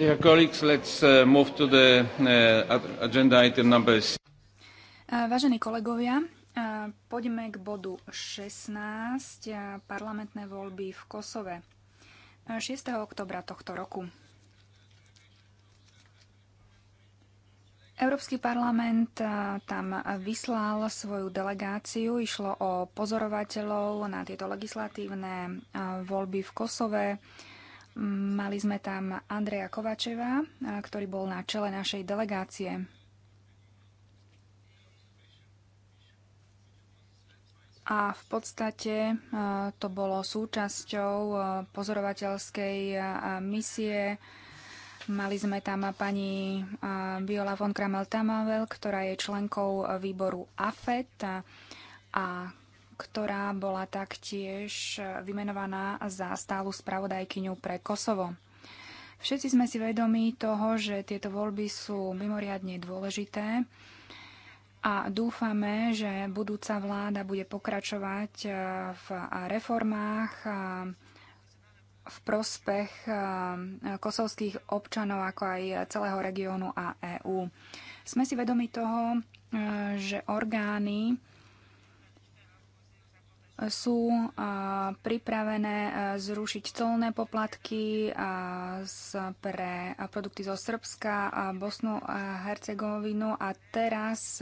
Dear colleagues, let's uh, move to the uh, agenda item number uh, Vážení kolegovia, poďme k bodu 16, parlamentné voľby v Kosove. 6. oktobra tohto roku. Európsky parlament tam vyslal svoju delegáciu. Išlo o pozorovateľov na tieto legislatívne voľby v Kosove. Mali sme tam Andreja Kovačeva, ktorý bol na čele našej delegácie. A v podstate to bolo súčasťou pozorovateľskej misie. Mali sme tam pani Viola von Kramel-Tamavel, ktorá je členkou výboru AFET a ktorá bola taktiež vymenovaná za stálu spravodajkyňu pre Kosovo. Všetci sme si vedomí toho, že tieto voľby sú mimoriadne dôležité a dúfame, že budúca vláda bude pokračovať eh, v reformách eh, v prospech eh, kosovských občanov, ako aj celého regiónu a EÚ. Sme si vedomi toho, že orgány sú pripravené zrušiť colné poplatky pre produkty zo Srbska a Bosnu a Hercegovinu. A teraz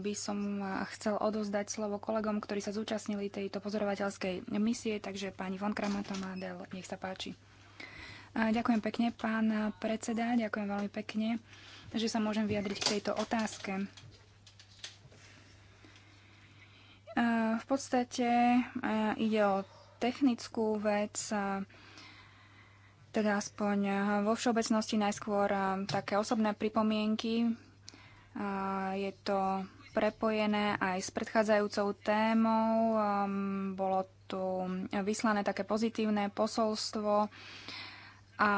by som chcel odozdať slovo kolegom, ktorí sa zúčastnili tejto pozorovateľskej misie. Takže pani von Kramatoma, del, nech sa páči. Ďakujem pekne, pán predseda, ďakujem veľmi pekne, že sa môžem vyjadriť k tejto otázke. podstate e, ide o technickú vec, e, teda aspoň e, vo všeobecnosti najskôr také osobné pripomienky. Je to prepojené aj s predchádzajúcou témou. Bolo tu vyslané také pozitívne posolstvo a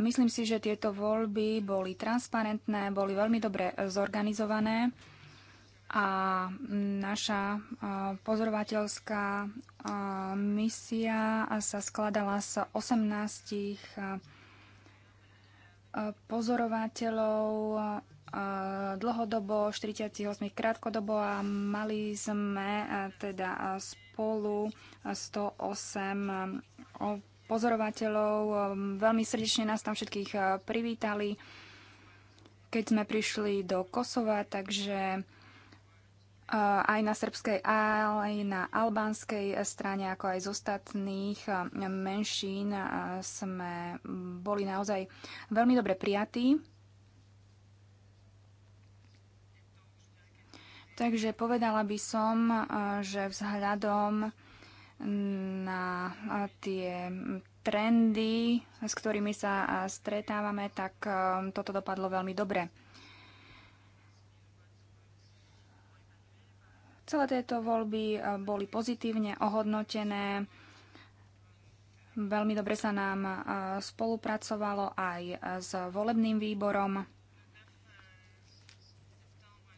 myslím si, že tieto voľby boli transparentné, boli veľmi dobre zorganizované. A naša pozorovateľská misia sa skladala z 18 pozorovateľov dlhodobo, 48 krátkodobo a mali sme teda spolu 108 pozorovateľov. Veľmi srdečne nás tam všetkých privítali, keď sme prišli do Kosova, takže aj na srbskej, aj na albánskej strane, ako aj z ostatných menšín sme boli naozaj veľmi dobre prijatí. Takže povedala by som, že vzhľadom na tie trendy, s ktorými sa stretávame, tak toto dopadlo veľmi dobre. Celé tieto voľby eh, boli pozitívne ohodnotené. Veľmi dobre sa nám eh, spolupracovalo aj eh, s volebným výborom.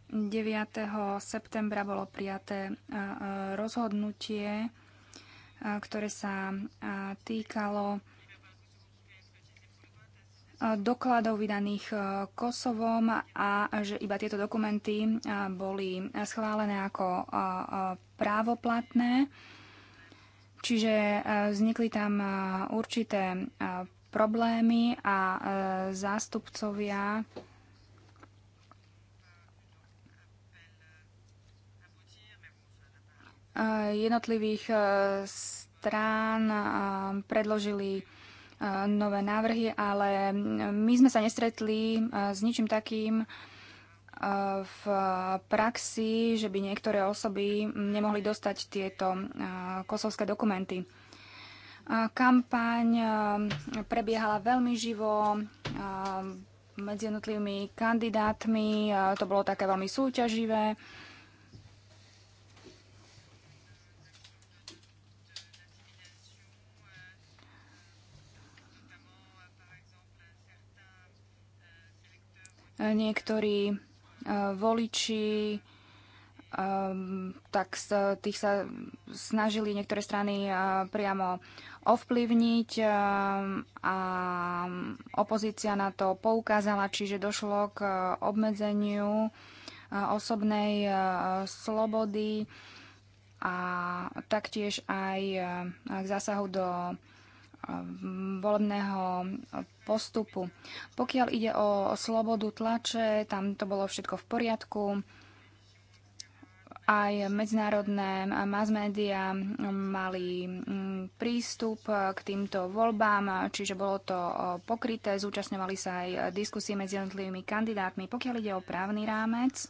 9. septembra bolo prijaté rozhodnutie, ktoré sa týkalo dokladov vydaných e, Kosovom a že iba tieto dokumenty e, boli schválené ako e, právoplatné. Čiže vznikli tam určité problémy a zástupcovia jednotlivých strán predložili nové návrhy, ale my sme sa nestretli eh, s ničím takým eh, v praxi, že by niektoré osoby nemohli dostať tieto eh, kosovské dokumenty. Kampaň prebiehala veľmi živo medzi jednotlivými kandidátmi, to bolo také veľmi súťaživé niektorí e, voliči e, tak tých sa snažili niektoré strany e, priamo ovplyvniť a opozícia na to poukázala, čiže došlo k obmedzeniu osobnej slobody a taktiež aj k zásahu do volebného postupu. Pokiaľ ide o slobodu tlače, tam to bolo všetko v poriadku. Aj medzinárodné mass media mali mm, prístup k týmto voľbám, čiže bolo to pokryté, zúčastňovali sa aj diskusie medzi jednotlivými kandidátmi. Pokiaľ ide o právny rámec,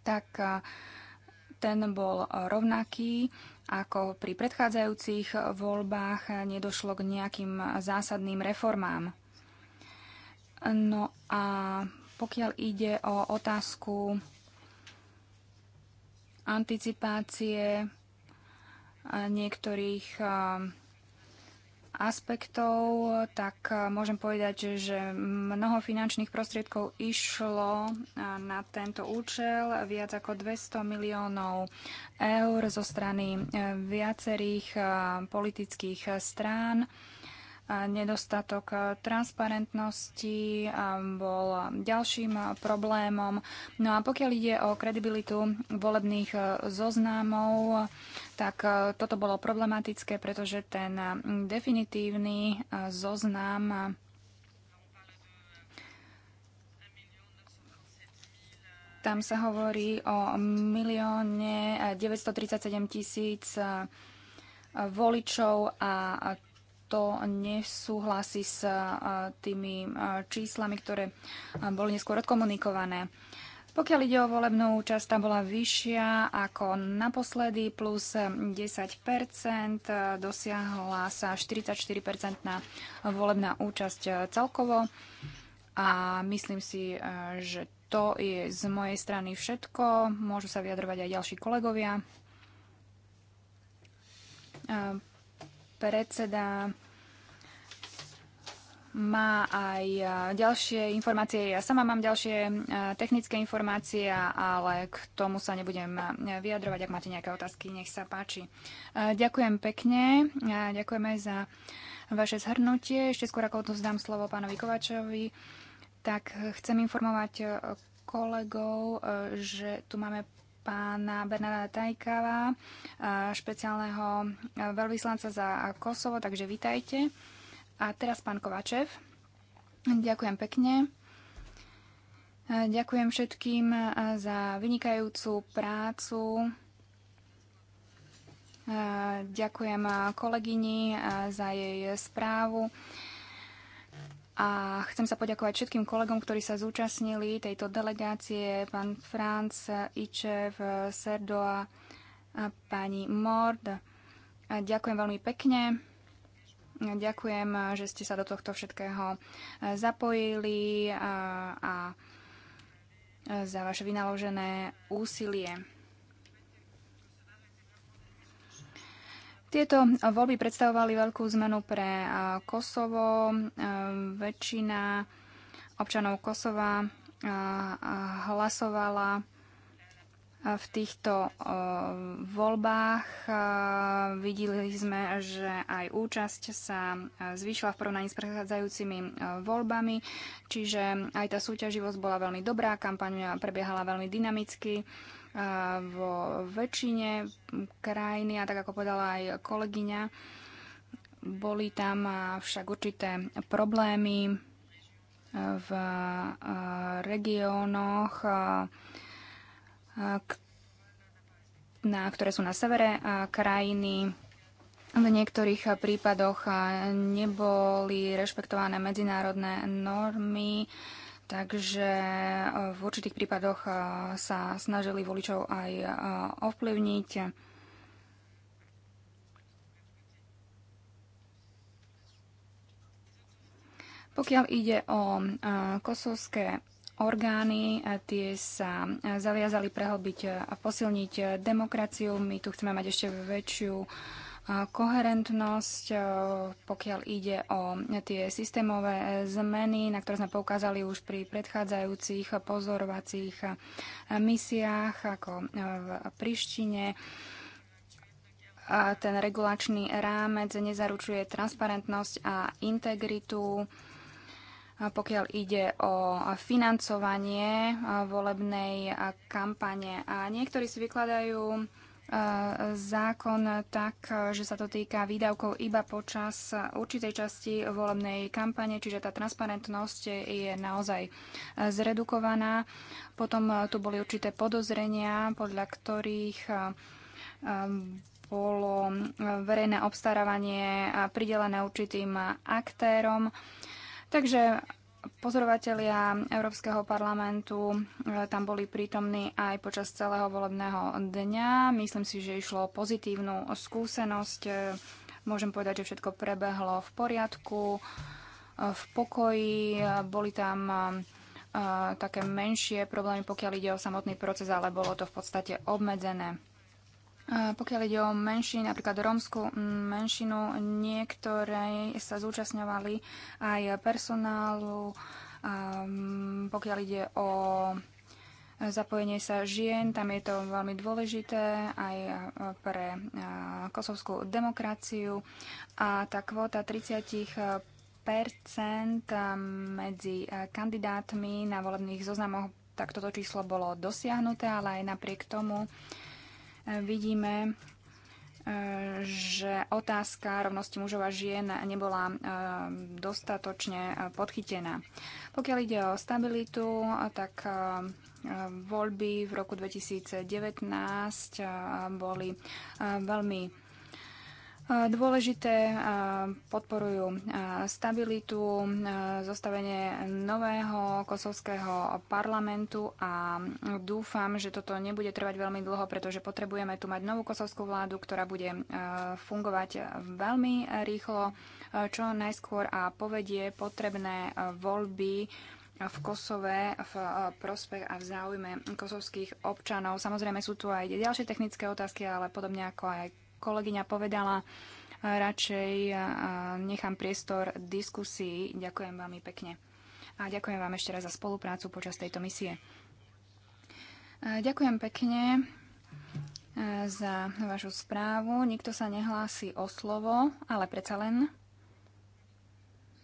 tak ten bol rovnaký ako pri predchádzajúcich voľbách nedošlo k nejakým zásadným reformám. No a pokiaľ ide o otázku anticipácie niektorých eh, aspektov, tak eh, môžem povedať, že mnoho finančných prostriedkov išlo eh, na tento účel, viac ako 200 miliónov eur zo strany eh, viacerých politických strán nedostatok e, transparentnosti bol ďalším e, problémom. No a pokiaľ ide o kredibilitu volebných e, zoznámov, tak toto bolo problematické, pretože ten definitívny zoznam tam sa hovorí o milióne 937 tisíc voličov a to nesúhlasí s tými číslami, ktoré boli neskôr odkomunikované. Pokiaľ ide o volebnú účasť, tá bola vyššia ako naposledy, plus 10 dosiahla sa 44-percentná volebná účasť celkovo. A myslím si, že to je z mojej strany všetko. Môžu sa vyjadrovať aj ďalší kolegovia predseda má aj ďalšie informácie. Ja sama mám ďalšie technické informácie, ale k tomu sa nebudem vyjadrovať. Ak máte nejaké otázky, nech sa páči. Ďakujem pekne. Ďakujeme za vaše zhrnutie. Ešte skôr ako zdám slovo pánovi Kovačovi, tak chcem informovať kolegov, že tu máme pána Bernarda Tajkava, špeciálneho veľvyslanca za Kosovo, takže vítajte. A teraz pán Kovačev. Ďakujem pekne. Ďakujem všetkým za vynikajúcu prácu. Ďakujem kolegyni za jej správu. A chcem sa poďakovať všetkým kolegom, ktorí sa zúčastnili tejto delegácie, pán Franc, Ičev, Serdoa, a pani Mord. A ďakujem veľmi pekne. A ďakujem, že ste sa do tohto všetkého e, zapojili a, a za vaše vynaložené úsilie. Tieto voľby predstavovali veľkú zmenu pre Kosovo. Väčšina občanov Kosova hlasovala v týchto voľbách. Videli sme, že aj účasť sa zvýšila v porovnaní s prechádzajúcimi voľbami, čiže aj tá súťaživosť bola veľmi dobrá, kampaň prebiehala veľmi dynamicky vo väčšine krajiny, a tak ako povedala aj kolegyňa, boli tam však určité problémy v regiónoch, na, ktoré sú na severe krajiny. V niektorých prípadoch neboli rešpektované medzinárodné normy Takže e, v určitých prípadoch e, sa snažili voličov aj e, ovplyvniť. Pokiaľ ide o kosovské orgány, tie sa zaviazali prehlbiť a posilniť demokraciu. My tu chceme mať ešte väčšiu koherentnosť, e, pokiaľ ide o tie systémové e, zmeny, na ktoré sme poukázali už pri predchádzajúcich pozorovacích e, misiách, ako v Prištine. ten regulačný rámec nezaručuje transparentnosť a integritu pokiaľ ide o financovanie volebnej kampane. A niektorí si vykladajú zákon tak, že sa to týka výdavkov iba počas určitej časti volebnej kampane, čiže tá transparentnosť je naozaj zredukovaná. Potom tu boli určité podozrenia, podľa ktorých bolo verejné obstarávanie pridelené určitým aktérom. Takže Pozorovatelia Európskeho parlamentu e, tam boli prítomní aj počas celého volebného dňa. Myslím si, že išlo o pozitívnu skúsenosť. E, môžem povedať, že všetko prebehlo v poriadku, e, v pokoji. Boli tam také menšie problémy, pokiaľ ide o samotný proces, ale bolo to v podstate obmedzené. Eh, pokiaľ ide o menšiny, napríklad rómskú menšinu, niektoré sa zúčastňovali aj personálu, ehm, pokiaľ ide o zapojenie sa žien, tam je to veľmi dôležité aj eh, pre eh, kosovskú demokraciu a tá kvóta 30 ehm, medzi kandidátmi na volebných zoznamoch, tak toto číslo bolo dosiahnuté, ale aj napriek tomu vidíme, e, že otázka rovnosti mužov a žien nebola e, dostatočne e, podchytená. Pokiaľ ide o stabilitu, tak voľby v roku 2019 boli veľmi dôležité, podporujú stabilitu, zostavenie nového kosovského parlamentu a dúfam, že toto nebude trvať veľmi dlho, pretože potrebujeme tu mať novú kosovskú vládu, ktorá bude fungovať veľmi rýchlo, čo najskôr a povedie potrebné voľby v Kosove v prospech a v záujme kosovských občanov. Samozrejme sú tu aj ďalšie technické otázky, ale podobne ako aj kolegyňa povedala, e, radšej e, e, nechám priestor diskusii. Ďakujem veľmi pekne. A ďakujem vám ešte raz za spoluprácu počas tejto misie. Ďakujem pekne za vašu správu. Nikto sa nehlási o slovo, ale predsa len.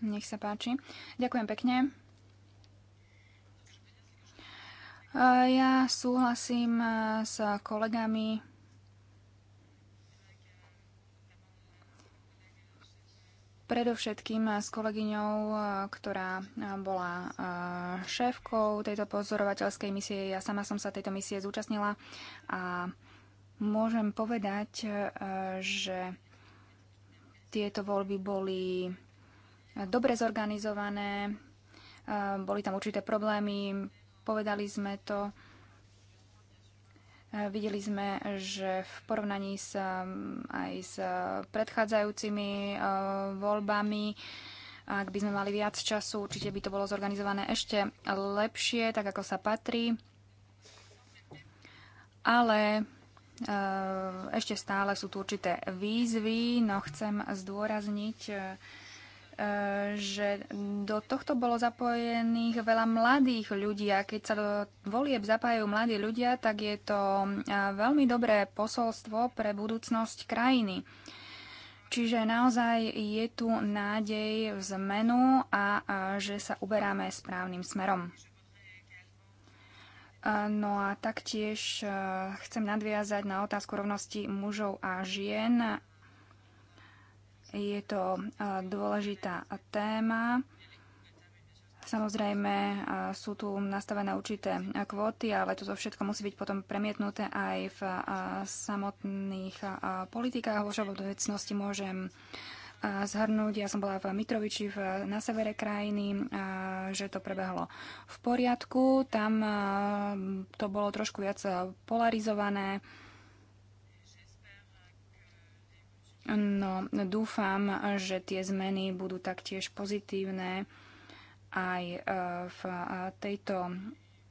Nech sa páči. Ďakujem pekne. Ja súhlasím s kolegami predovšetkým s kolegyňou, eh, ktorá eh, bola eh, šéfkou tejto pozorovateľskej misie. Ja sama som sa tejto misie zúčastnila a môžem povedať, že tieto voľby boli dobre zorganizované, boli tam určité problémy, povedali sme to Videli sme, že v porovnaní s, um, aj s predchádzajúcimi uh, voľbami, ak by sme mali viac času, určite by to bolo zorganizované ešte lepšie, tak ako sa patrí. Ale uh, ešte stále sú tu určité výzvy, no chcem zdôrazniť, uh, že do tohto bolo zapojených veľa mladých ľudí a keď sa do volieb zapájajú mladí ľudia, tak je to veľmi dobré posolstvo pre budúcnosť krajiny. Čiže naozaj je tu nádej v zmenu a, a že sa uberáme správnym smerom. No a taktiež chcem nadviazať na otázku rovnosti mužov a žien je to dôležitá téma. Samozrejme, sú tu nastavené určité kvóty, ale toto všetko musí byť potom premietnuté aj v samotných politikách. Vo všeobecnosti môžem zhrnúť, ja som bola v Mitroviči v, na severe krajiny, že to prebehlo v poriadku. Tam to bolo trošku viac polarizované No, dúfam, že tie zmeny budú taktiež pozitívne aj e, v e, tejto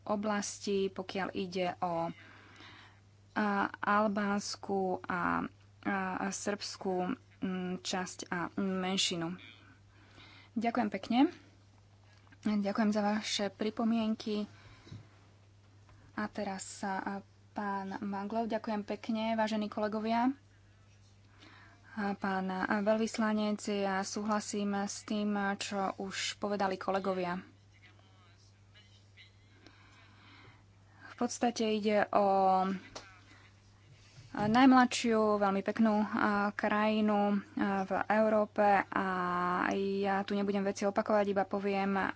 oblasti, pokiaľ ide o e, albánsku a srbskú časť a menšinu. Ďakujem pekne. Ďakujem za vaše pripomienky. A teraz sa pán Manglov, ďakujem pekne, vážení kolegovia. Pán veľvyslanec, ja súhlasím s tým, čo už povedali kolegovia. V podstate ide o najmladšiu, veľmi peknú krajinu v Európe a ja tu nebudem veci opakovať, iba poviem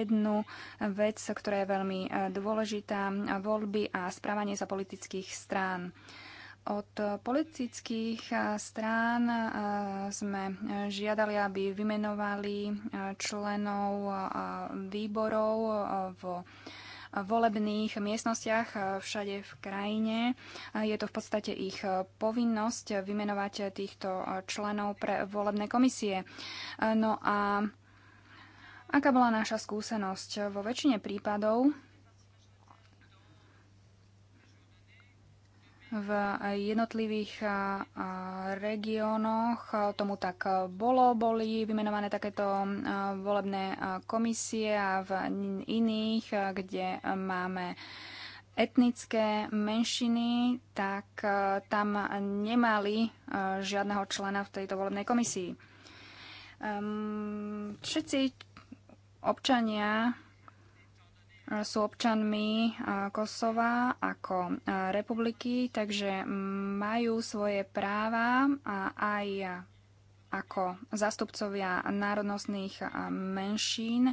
jednu vec, ktorá je veľmi dôležitá, voľby a správanie sa politických strán. Od politických strán sme žiadali, aby vymenovali členov výborov vo volebných miestnostiach všade v krajine. Je to v podstate ich povinnosť vymenovať týchto členov pre volebné komisie. No a aká bola naša skúsenosť? Vo väčšine prípadov v jednotlivých regiónoch. Tomu tak bolo, boli vymenované takéto volebné komisie a v iných, kde máme etnické menšiny, tak tam nemali žiadneho člena v tejto volebnej komisii. Ehm, všetci občania sú občanmi eh, Kosova ako eh, republiky, takže majú svoje práva a aj ako zastupcovia národnostných eh, menšín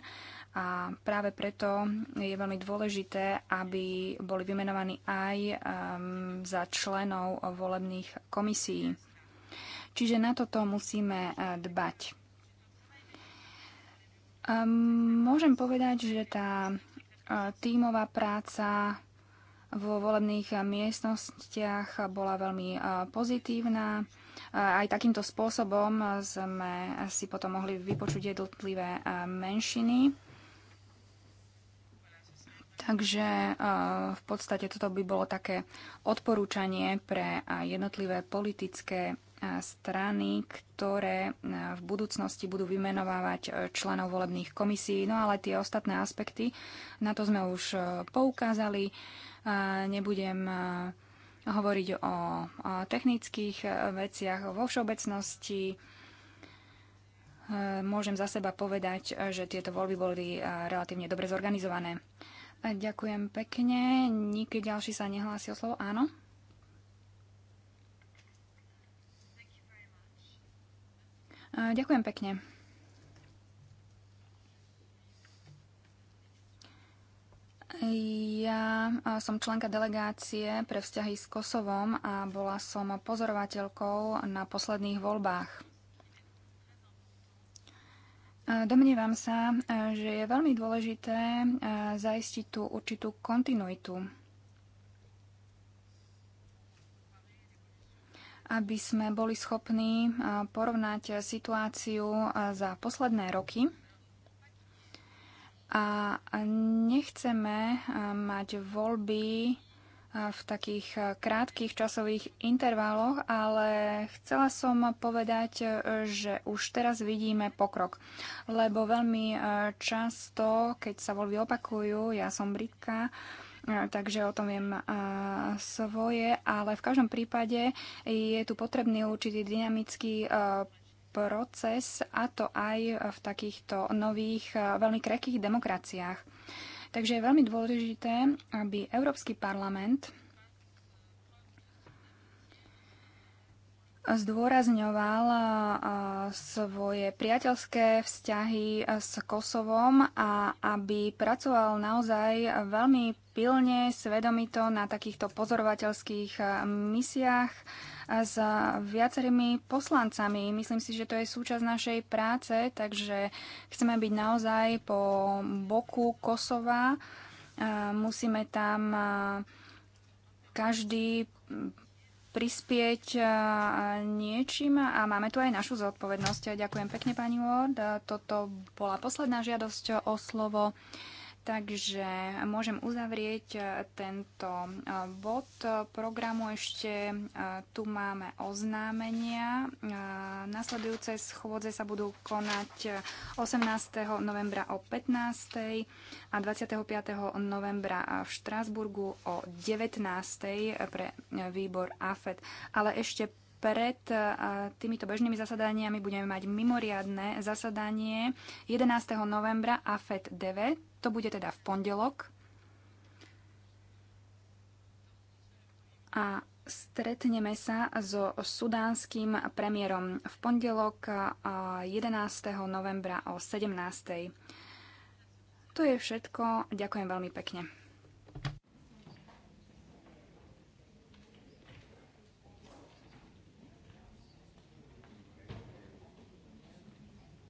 a práve preto je veľmi dôležité, aby boli vymenovaní aj za členov volebných komisí. Čiže na toto musíme dbať. Ehm, môžem povedať, že tá tímová práca vo volebných miestnostiach bola veľmi pozitívna. Aj takýmto spôsobom sme si potom mohli vypočuť jednotlivé menšiny. Takže v podstate toto by bolo také odporúčanie pre jednotlivé politické strany, ktoré e, v budúcnosti budú vymenovávať e, členov volebných komisí. No ale tie ostatné aspekty, na to sme už e, poukázali. Nebudem hovoriť o technických veciach vo všeobecnosti. Môžem za seba povedať, že tieto voľby boli relatívne dobre zorganizované. Ďakujem pekne. Nikto ďalší sa nehlási o slovo? Áno? Ďakujem pekne. Ja som členka delegácie pre vzťahy s Kosovom a bola som pozorovateľkou na posledných voľbách. Domnievam sa, že je veľmi dôležité zaistiť tú určitú kontinuitu aby sme boli schopní porovnať situáciu za posledné roky. A nechceme mať voľby v takých eh, krátkých časových intervaloch, ale chcela som povedať, eh, že už teraz vidíme pokrok. Lebo veľmi eh, často, keď sa voľby opakujú, ja som Britka, takže o tom viem svoje, ale v každom prípade je tu potrebný určitý dynamický proces, a to aj v takýchto nových, veľmi krehkých demokraciách. Takže je veľmi dôležité, aby Európsky parlament zdôrazňoval svoje priateľské vzťahy s Kosovom a aby pracoval naozaj veľmi pilne, svedomito na takýchto pozorovateľských e, misiách s viacerými poslancami. Myslím si, že to je súčasť našej práce, takže chceme byť naozaj po boku Kosova. Musíme tam každý prispieť niečím a máme tu aj našu zodpovednosť. Ďakujem pekne, pani Ward. Toto bola posledná žiadosť o slovo. Takže môžem uzavrieť e, tento e, bod programu. Ešte e, tu máme oznámenia. Nasledujúce schôdze sa budú konať 18. novembra o 15. a 25. novembra v Štrásburgu o 19. pre výbor AFED. Ale ešte pred týmito bežnými zasadaniami budeme mať mimoriadne zasadanie 11. novembra AFET 9. To bude teda v pondelok. A stretneme sa so sudánským premiérom v pondelok 11. novembra o 17. To je všetko. Ďakujem veľmi pekne.